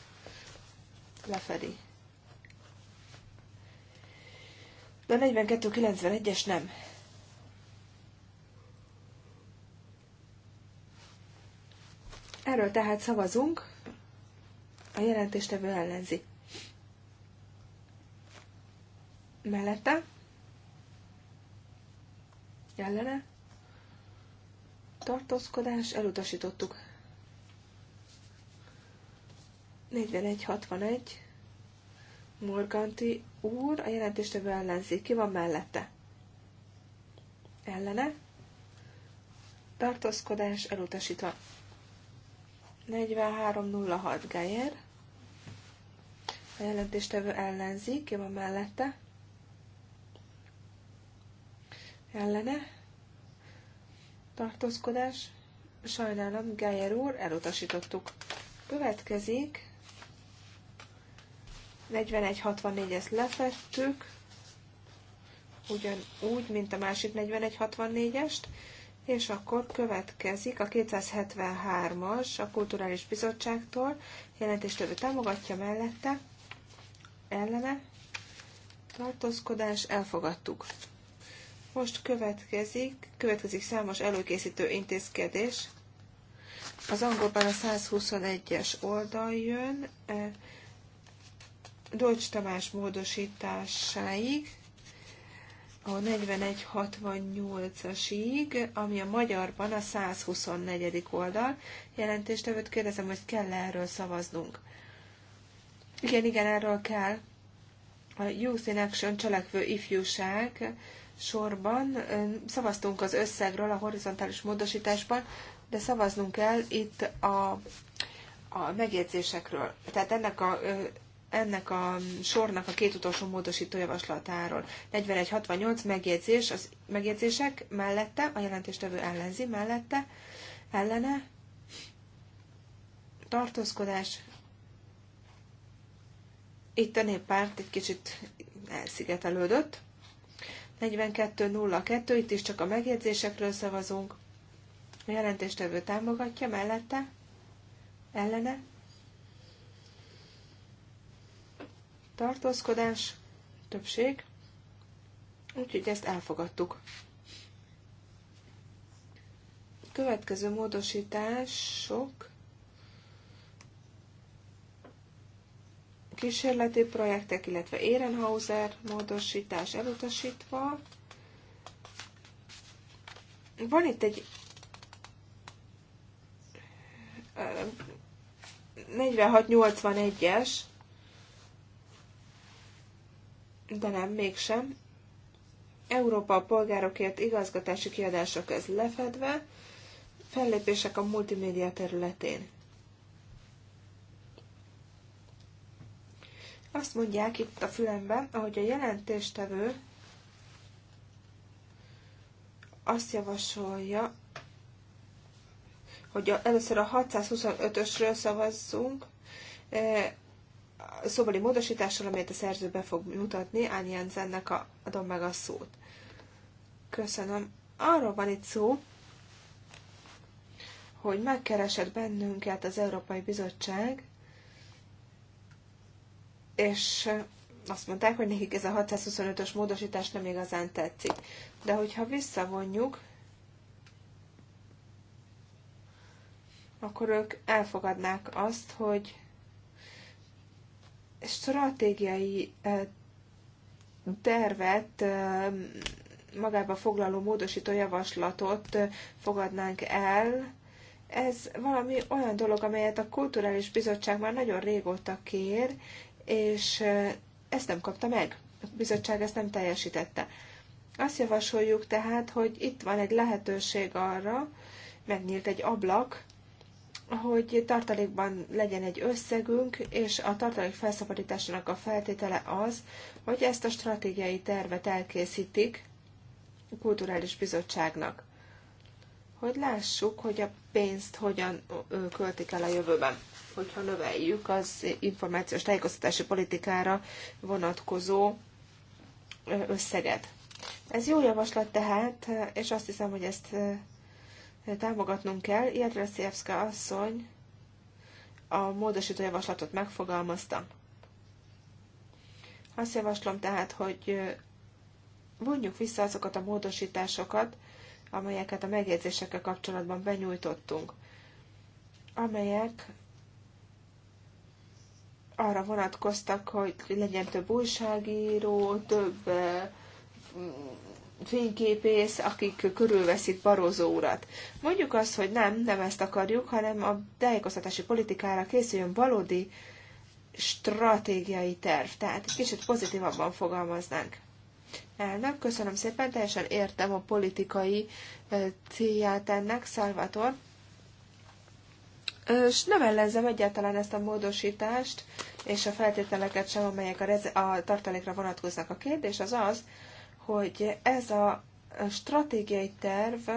lefedi. De 4291-es nem. Erről tehát szavazunk. A jelentéstevő ellenzik. mellette, ellene, tartózkodás, elutasítottuk. 41-61, Morganti úr, a jelentéstevő ellenzék, ki van mellette? Ellene, tartózkodás, elutasítva. 43-06, Geyer, a jelentéstevő ellenzik, ki van mellette? ellene tartózkodás. Sajnálom, Geyer úr, elutasítottuk. Következik 4164-ezt lefettük, ugyanúgy, mint a másik 4164-est, és akkor következik a 273-as a Kulturális Bizottságtól, jelentéstevő támogatja mellette, ellene, tartózkodás, elfogadtuk. Most következik, következik számos előkészítő intézkedés. Az angolban a 121-es oldal jön, e, Dolcs Tamás módosításáig, a 4168-asig, ami a magyarban a 124. oldal. Jelentéstevőt kérdezem, hogy kell -e erről szavaznunk. Igen, igen, erről kell. A Youth in Action cselekvő ifjúság sorban szavaztunk az összegről a horizontális módosításban, de szavaznunk kell itt a, a megjegyzésekről. Tehát ennek a ennek a sornak a két utolsó módosító javaslatáról. 4168 megjegyzés, az megjegyzések mellette, a jelentéstevő ellenzi mellette, ellene, tartózkodás. Itt a néppárt egy kicsit elszigetelődött. 42.02, itt is csak a megjegyzésekről szavazunk. A jelentéstevő támogatja mellette, ellene. Tartózkodás, többség. Úgyhogy ezt elfogadtuk. Következő módosítások kísérleti projektek, illetve Ehrenhauser módosítás elutasítva. Van itt egy 4681-es, de nem, mégsem. Európa a polgárokért igazgatási kiadások ez lefedve, fellépések a multimédia területén. Azt mondják itt a fülemben, ahogy a jelentéstevő azt javasolja, hogy a, először a 625-ösről szavazzunk, e, szóbeli módosítással, amelyet a szerző be fog mutatni, Ányi Jensennek a, adom meg a szót. Köszönöm. Arról van itt szó, hogy megkeresett bennünket az Európai Bizottság, és azt mondták, hogy nekik ez a 625-ös módosítás nem igazán tetszik. De hogyha visszavonjuk, akkor ők elfogadnák azt, hogy stratégiai tervet magába foglaló módosító javaslatot fogadnánk el. Ez valami olyan dolog, amelyet a Kulturális Bizottság már nagyon régóta kér, és ezt nem kapta meg. A bizottság ezt nem teljesítette. Azt javasoljuk tehát, hogy itt van egy lehetőség arra, megnyílt egy ablak, hogy tartalékban legyen egy összegünk, és a tartalék felszabadításának a feltétele az, hogy ezt a stratégiai tervet elkészítik a Kulturális Bizottságnak, hogy lássuk, hogy a pénzt hogyan költik el a jövőben hogyha növeljük az információs tájékoztatási politikára vonatkozó összeget. Ez jó javaslat tehát, és azt hiszem, hogy ezt támogatnunk kell. Jedreszjevszka asszony a módosító javaslatot megfogalmazta. Azt javaslom tehát, hogy vonjuk vissza azokat a módosításokat, amelyeket a megjegyzésekkel kapcsolatban benyújtottunk, amelyek arra vonatkoztak, hogy legyen több újságíró, több mm, fényképész, akik körülveszik Barózó urat. Mondjuk azt, hogy nem, nem ezt akarjuk, hanem a tájékoztatási politikára készüljön valódi stratégiai terv. Tehát egy kicsit pozitívabban fogalmaznánk. Elnök, köszönöm szépen, teljesen értem a politikai célját ennek, Szalvator. És nem ellenzem egyáltalán ezt a módosítást, és a feltételeket sem, amelyek a, reze- a tartalékra vonatkoznak. A kérdés az az, hogy ez a stratégiai terv,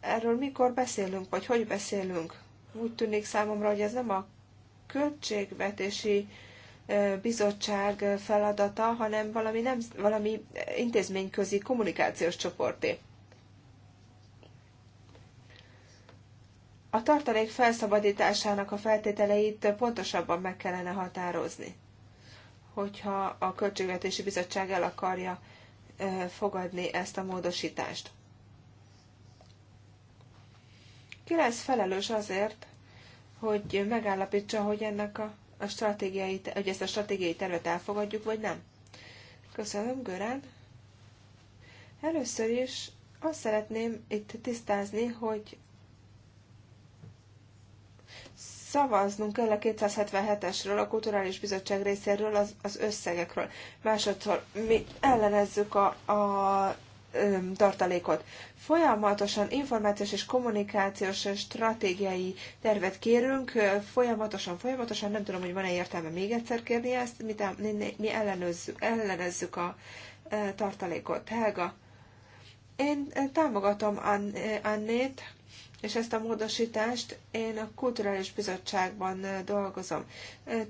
erről mikor beszélünk, vagy hogy beszélünk? Úgy tűnik számomra, hogy ez nem a költségvetési bizottság feladata, hanem valami, nem, valami intézményközi kommunikációs csoporté. a tartalék felszabadításának a feltételeit pontosabban meg kellene határozni, hogyha a Költségvetési Bizottság el akarja fogadni ezt a módosítást. Ki lesz felelős azért, hogy megállapítsa, hogy ennek a, a stratégiai, hogy ezt a stratégiai tervet elfogadjuk, vagy nem? Köszönöm, Görán. Először is azt szeretném itt tisztázni, hogy szavaznunk kell a 277-esről, a Kulturális Bizottság részéről, az, az összegekről. Másodszor mi ellenezzük a, a tartalékot. Folyamatosan információs és kommunikációs stratégiai tervet kérünk, folyamatosan, folyamatosan, nem tudom, hogy van-e értelme még egyszer kérni ezt, mi, mi ellenőzzük, ellenezzük a tartalékot. Helga, én támogatom Annét, és ezt a módosítást én a Kulturális Bizottságban dolgozom.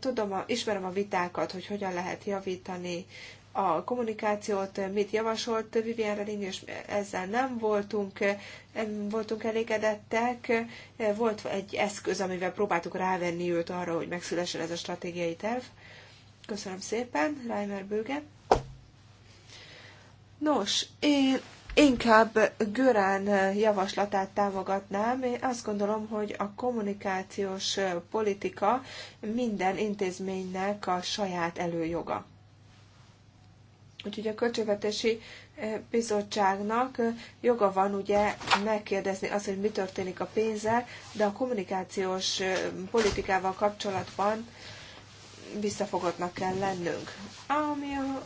Tudom, ismerem a vitákat, hogy hogyan lehet javítani a kommunikációt, mit javasolt Vivian Reding, és ezzel nem voltunk, nem voltunk elégedettek. Volt egy eszköz, amivel próbáltuk rávenni őt arra, hogy megszülessen ez a stratégiai terv. Köszönöm szépen, Reimer Bőge. Nos, én Inkább Görán javaslatát támogatnám. Én azt gondolom, hogy a kommunikációs politika minden intézménynek a saját előjoga. Úgyhogy a Költségvetési eh, Bizottságnak eh, joga van ugye megkérdezni azt, hogy mi történik a pénzzel, de a kommunikációs eh, politikával kapcsolatban visszafogottnak kell lennünk. Ami a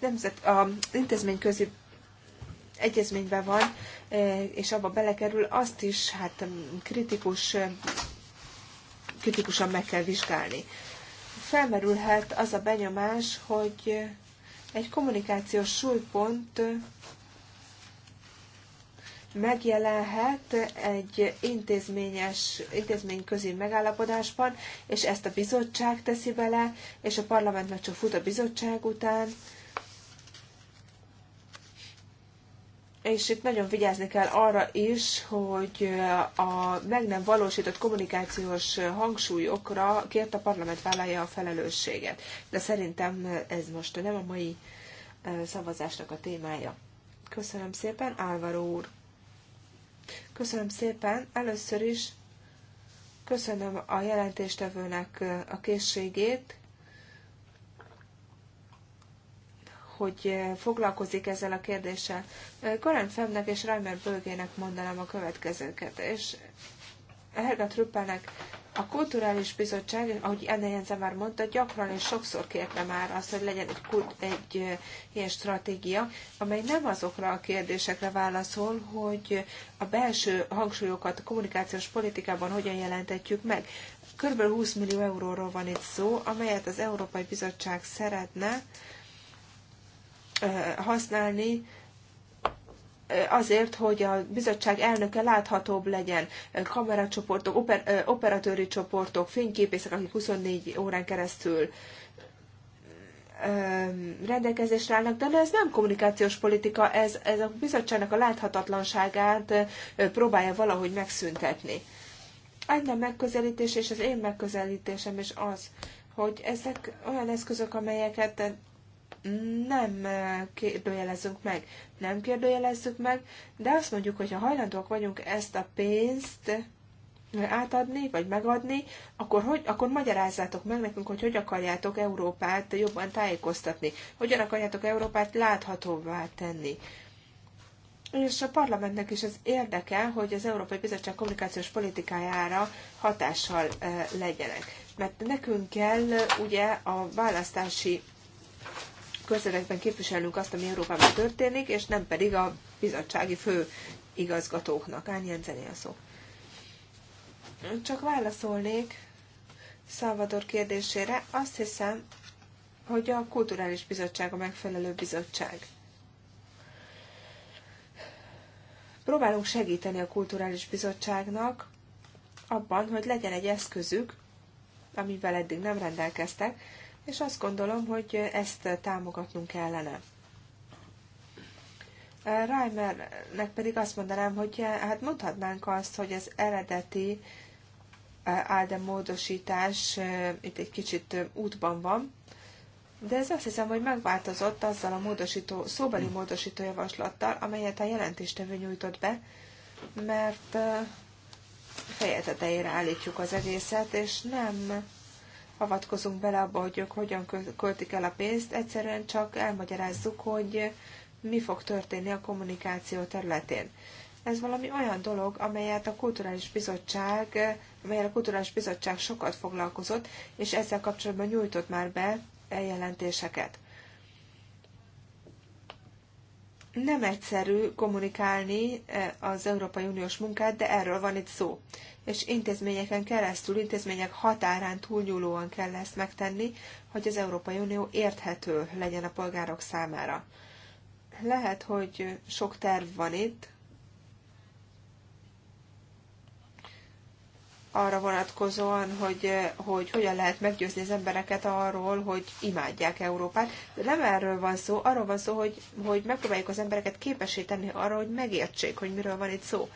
nemzet, a intézményközi egyezményben van, és abba belekerül, azt is hát kritikus, kritikusan meg kell vizsgálni. Felmerülhet az a benyomás, hogy egy kommunikációs súlypont megjelenhet egy intézményes, intézményközi megállapodásban, és ezt a bizottság teszi bele, és a parlamentnek csak fut a bizottság után, és itt nagyon vigyázni kell arra is, hogy a meg nem valósított kommunikációs hangsúlyokra kért a parlament vállalja a felelősséget. De szerintem ez most nem a mai szavazásnak a témája. Köszönöm szépen, Álvaro úr. Köszönöm szépen. Először is köszönöm a jelentéstevőnek a készségét, hogy eh, foglalkozik ezzel a kérdéssel. Eh, Karen Femnek és Reimer Bölgének mondanám a következőket, és Helga Truppelnek a Kulturális Bizottság, ahogy Anne Jense már mondta, gyakran és sokszor kérte már azt, hogy legyen egy, kult, egy eh, ilyen stratégia, amely nem azokra a kérdésekre válaszol, hogy a belső hangsúlyokat a kommunikációs politikában hogyan jelentetjük meg. Körülbelül 20 millió euróról van itt szó, amelyet az Európai Bizottság szeretne használni, azért, hogy a bizottság elnöke láthatóbb legyen, kameracsoportok, oper, operatőri csoportok, fényképészek, akik 24 órán keresztül rendelkezésre állnak, de ez nem kommunikációs politika, ez, ez a bizottságnak a láthatatlanságát próbálja valahogy megszüntetni. Engem megközelítés és az én megközelítésem is az, hogy ezek olyan eszközök, amelyeket nem eh, kérdőjelezünk meg. Nem kérdőjelezzük meg, de azt mondjuk, hogy ha hajlandóak vagyunk ezt a pénzt eh, átadni, vagy megadni, akkor, hogy, akkor magyarázzátok meg nekünk, hogy hogy akarjátok Európát jobban tájékoztatni, hogyan akarjátok Európát láthatóvá tenni. És a parlamentnek is az érdeke, hogy az Európai Bizottság kommunikációs politikájára hatással eh, legyenek. Mert nekünk kell ugye a választási közérdekben képviselünk azt, ami Európában történik, és nem pedig a bizottsági fő igazgatóknak. Ányi Enzeni a szó. Csak válaszolnék Szalvador kérdésére. Azt hiszem, hogy a Kulturális Bizottság a megfelelő bizottság. Próbálunk segíteni a Kulturális Bizottságnak abban, hogy legyen egy eszközük, amivel eddig nem rendelkeztek, és azt gondolom, hogy ezt támogatnunk kellene. Reimernek pedig azt mondanám, hogy eh, hát mondhatnánk azt, hogy az eredeti eh, módosítás eh, itt egy kicsit útban van, de ez azt hiszem, hogy megváltozott azzal a módosító, szóbeli módosító javaslattal, amelyet a jelentéstevő nyújtott be, mert feje tetejére állítjuk az egészet, és nem avatkozunk bele abba, hogy ők hogyan költik el a pénzt, egyszerűen csak elmagyarázzuk, hogy mi fog történni a kommunikáció területén. Ez valami olyan dolog, amelyet a Kulturális Bizottság, amelyel a Kulturális Bizottság sokat foglalkozott, és ezzel kapcsolatban nyújtott már be jelentéseket. Nem egyszerű kommunikálni eh, az Európai Uniós munkát, de erről van itt szó és intézményeken keresztül, intézmények határán túlnyúlóan kell ezt megtenni, hogy az Európai Unió érthető legyen a polgárok számára. Lehet, hogy sok terv van itt, arra vonatkozóan, hogy, hogy hogyan lehet meggyőzni az embereket arról, hogy imádják Európát. De nem erről van szó, arról van szó, hogy, hogy megpróbáljuk az embereket képesíteni arra, hogy megértsék, hogy miről van itt szó.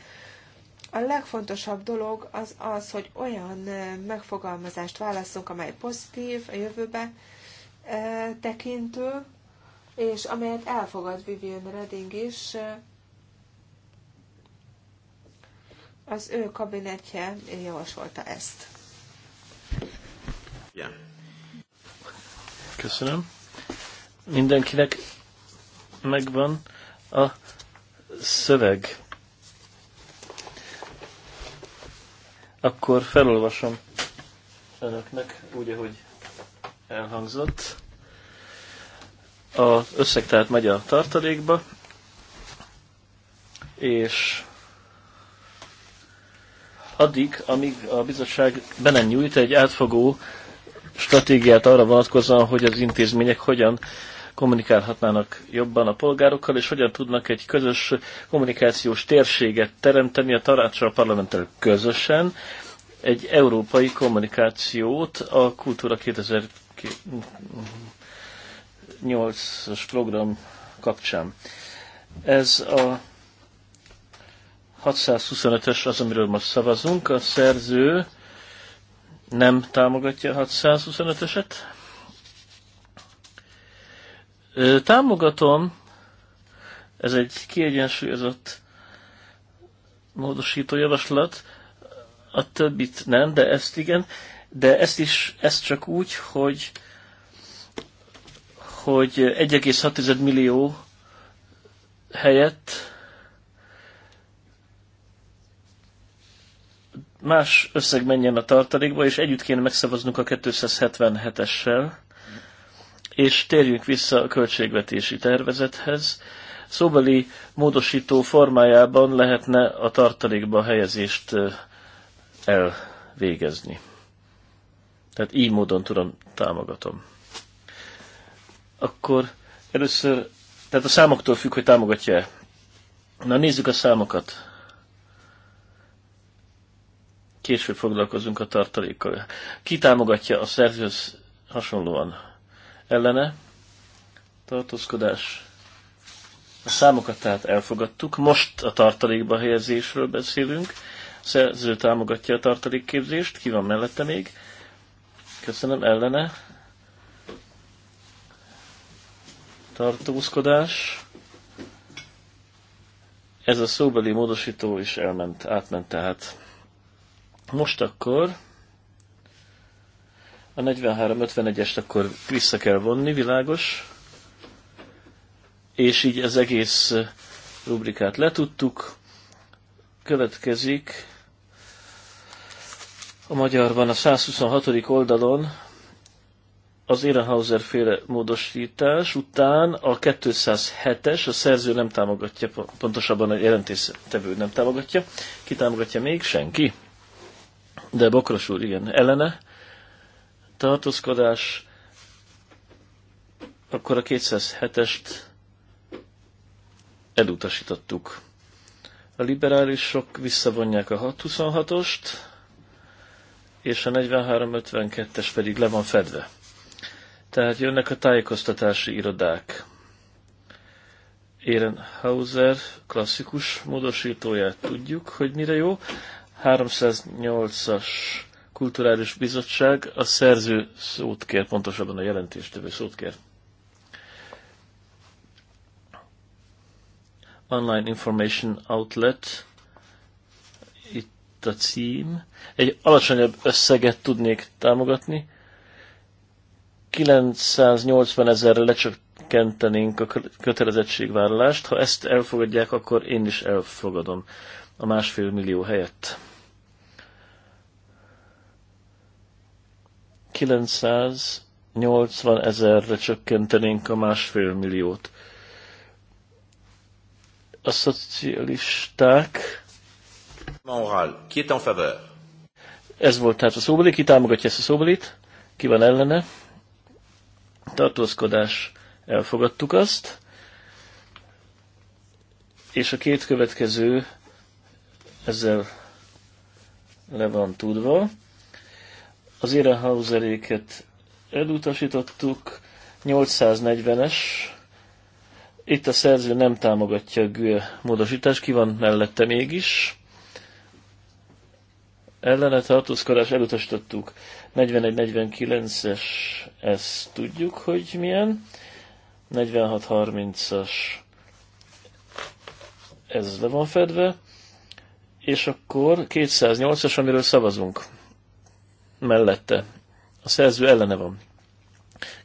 A legfontosabb dolog az az, hogy olyan megfogalmazást válaszunk, amely pozitív, a jövőbe tekintő, és amelyet elfogad Vivian Redding is, az ő kabinetje javasolta ezt. Köszönöm. Mindenkinek megvan a szöveg. Akkor felolvasom önöknek, úgy, ahogy elhangzott. Az összeg tehát megy a tartalékba, és addig, amíg a bizottság be nem nyújt egy átfogó stratégiát arra vonatkozóan, hogy az intézmények hogyan kommunikálhatnának jobban a polgárokkal, és hogyan tudnak egy közös kommunikációs térséget teremteni a tanácsra a parlamenttel közösen, egy európai kommunikációt a Kultúra 2008-as program kapcsán. Ez a 625-ös az, amiről most szavazunk. A szerző nem támogatja a 625-öset. Támogatom, ez egy kiegyensúlyozott módosító javaslat, a többit nem, de ezt igen, de ezt is, ezt csak úgy, hogy hogy 1,6 millió helyett más összeg menjen a tartalékba, és együtt kéne megszavaznunk a 277-essel és térjünk vissza a költségvetési tervezethez. Szóbeli módosító formájában lehetne a tartalékba a helyezést elvégezni. Tehát így módon tudom, támogatom. Akkor először, tehát a számoktól függ, hogy támogatja -e. Na nézzük a számokat. Később foglalkozunk a tartalékkal. Ki támogatja a szerzőhöz hasonlóan? ellene tartózkodás. A számokat tehát elfogadtuk. Most a tartalékba helyezésről beszélünk. A szerző támogatja a tartalékképzést. Ki van mellette még? Köszönöm, ellene. Tartózkodás. Ez a szóbeli módosító is elment, átment tehát. Most akkor a 43-51-est akkor vissza kell vonni, világos. És így az egész rubrikát letudtuk. Következik a magyarban a 126. oldalon az Ehrenhauser féle módosítás után a 207-es, a szerző nem támogatja, pontosabban a jelentéstevő nem támogatja. Ki támogatja még? Senki. De Bokros úr, igen, ellene tartózkodás, akkor a 207-est elutasítottuk. A liberálisok visszavonják a 626-ost, és a 4352-es pedig le van fedve. Tehát jönnek a tájékoztatási irodák. Ehrenhauser klasszikus módosítóját tudjuk, hogy mire jó. 308-as Kulturális Bizottság. A szerző szót kér, pontosabban a jelentéstevő szót kér. Online Information Outlet, itt a cím. Egy alacsonyabb összeget tudnék támogatni. 980 ezerre lecsökkentenénk a kötelezettségvállalást. Ha ezt elfogadják, akkor én is elfogadom a másfél millió helyett. 980 ezerre csökkentenénk a másfél milliót. A szocialisták... Moral, ki est en faveur? Ez volt tehát a szóbeli, ki támogatja ezt a szóbelit, ki van ellene. Tartózkodás, elfogadtuk azt. És a két következő ezzel le van tudva. Az Irehauseréket elutasítottuk, 840-es, itt a szerző nem támogatja a GUE módosítást, ki van mellette mégis. Ellene tartózkodás elutasítottuk. 41-49-es, ezt tudjuk, hogy milyen. 46-30-as, ez le van fedve. És akkor 208-as, amiről szavazunk mellette. A szerző ellene van.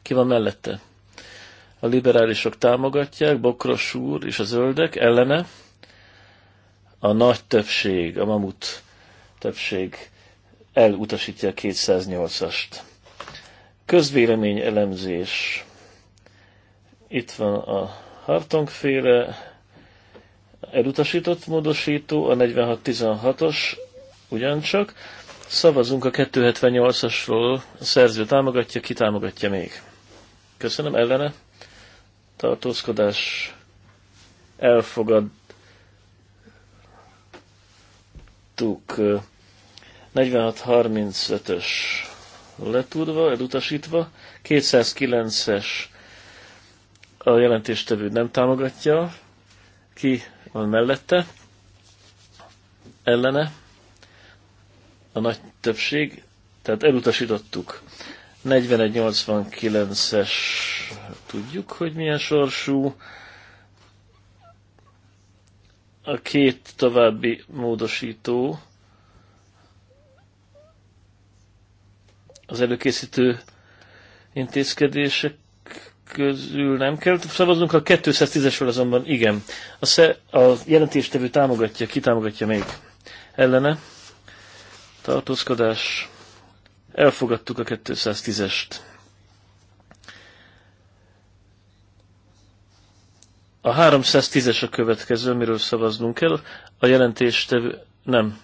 Ki van mellette? A liberálisok támogatják, Bokros úr és a zöldek ellene. A nagy többség, a mamut többség elutasítja a 208-ast. Közvélemény elemzés. Itt van a Hartongféle elutasított módosító, a 4616-os ugyancsak Szavazunk a 278-asról. A szerző támogatja, ki támogatja még? Köszönöm, ellene. Tartózkodás elfogadtuk. 46-35-ös letudva, elutasítva. 209-es a jelentéstevő nem támogatja. Ki van mellette? Ellene a nagy többség, tehát elutasítottuk. 41-89-es tudjuk, hogy milyen sorsú. A két további módosító az előkészítő intézkedések közül nem kell szavaznunk, a 210-esről azonban igen. A, sze, a jelentéstevő támogatja, ki támogatja még ellene tartózkodás. Elfogadtuk a 210-est. A 310-es a következő, miről szavaznunk kell. A jelentéstevő nem.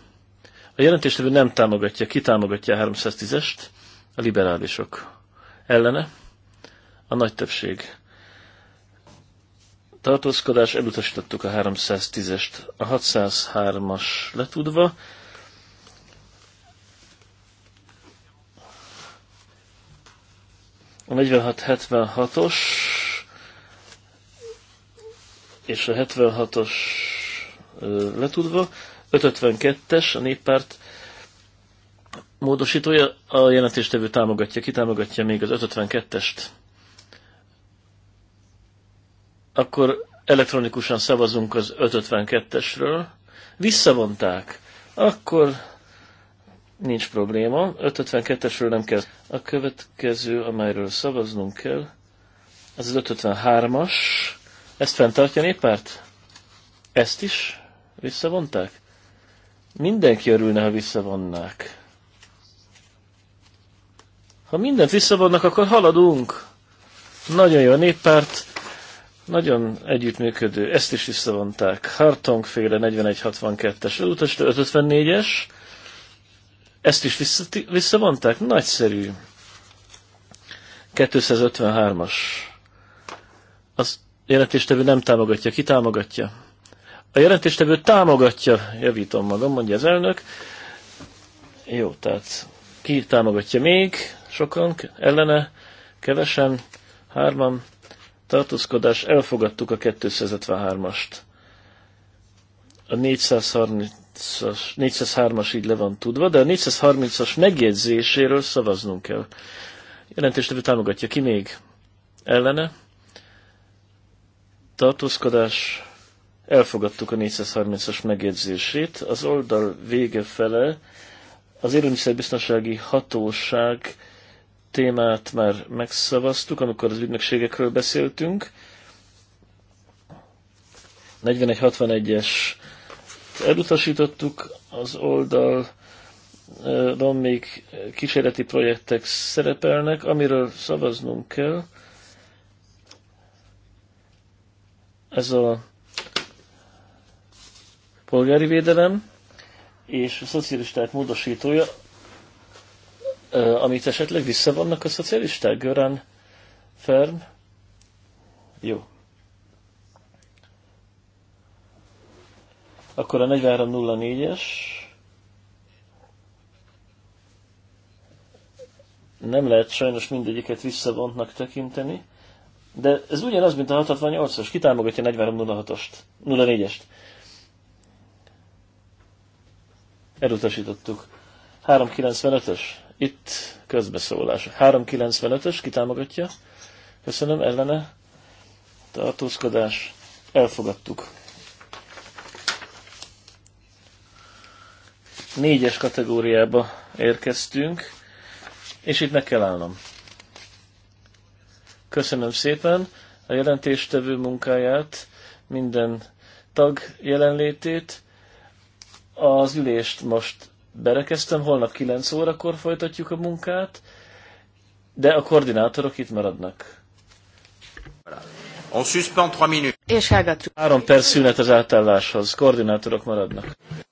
A jelentéstevő nem támogatja, ki támogatja a 310-est? A liberálisok. Ellene? A nagy többség. Tartózkodás, elutasítottuk a 310-est. A 603-as letudva, A 4676-os és a 76-os letudva, 552-es a néppárt módosítója, a jelentéstevő támogatja, kitámogatja még az 552-est. Akkor elektronikusan szavazunk az 552-esről. Visszavonták. Akkor Nincs probléma. 552-esről nem kell. A következő, amelyről szavaznunk kell, az az 553-as. Ezt fenntartja a néppárt? Ezt is visszavonták? Mindenki örülne, ha visszavonnák. Ha mindent visszavonnak, akkor haladunk. Nagyon jó a néppárt, nagyon együttműködő, ezt is visszavonták. Hartongféle 4162-es, elutasító 554-es, ezt is visszavonták? Nagyszerű. 253-as. Az jelentéstevő nem támogatja. Ki támogatja? A jelentéstevő támogatja, javítom magam, mondja az elnök. Jó, tehát ki támogatja még? Sokan ellene, kevesen, hárman. Tartózkodás, elfogadtuk a 253-ast. A 430 403-as így le van tudva, de a 430-as megjegyzéséről szavaznunk kell. Jelentéstevő támogatja ki még ellene. Tartózkodás. Elfogadtuk a 430-as megjegyzését. Az oldal vége fele az élelmiszerbiztonsági hatóság témát már megszavaztuk, amikor az ügynökségekről beszéltünk. 4161-es elutasítottuk, az oldal, van még kísérleti projektek szerepelnek, amiről szavaznunk kell. Ez a polgári védelem és a szocialisták módosítója, amit esetleg visszavannak a szocialisták, Görán Fern. Jó. Akkor a 4304-es nem lehet sajnos mindegyiket visszavontnak tekinteni, de ez ugyanaz, mint a 668-as, Ki támogatja a 4306-ost, 04-est. Elutasítottuk. 395-ös, itt közbeszólás. 395-ös, Ki támogatja? Köszönöm, ellene. Tartózkodás. Elfogadtuk. négyes kategóriába érkeztünk, és itt meg kell állnom. Köszönöm szépen a jelentéstevő munkáját, minden tag jelenlétét. Az ülést most berekeztem, holnap 9 órakor folytatjuk a munkát, de a koordinátorok itt maradnak. On suspend 3 minutes. És hágatjuk. Három perc szünet az átálláshoz. Koordinátorok maradnak.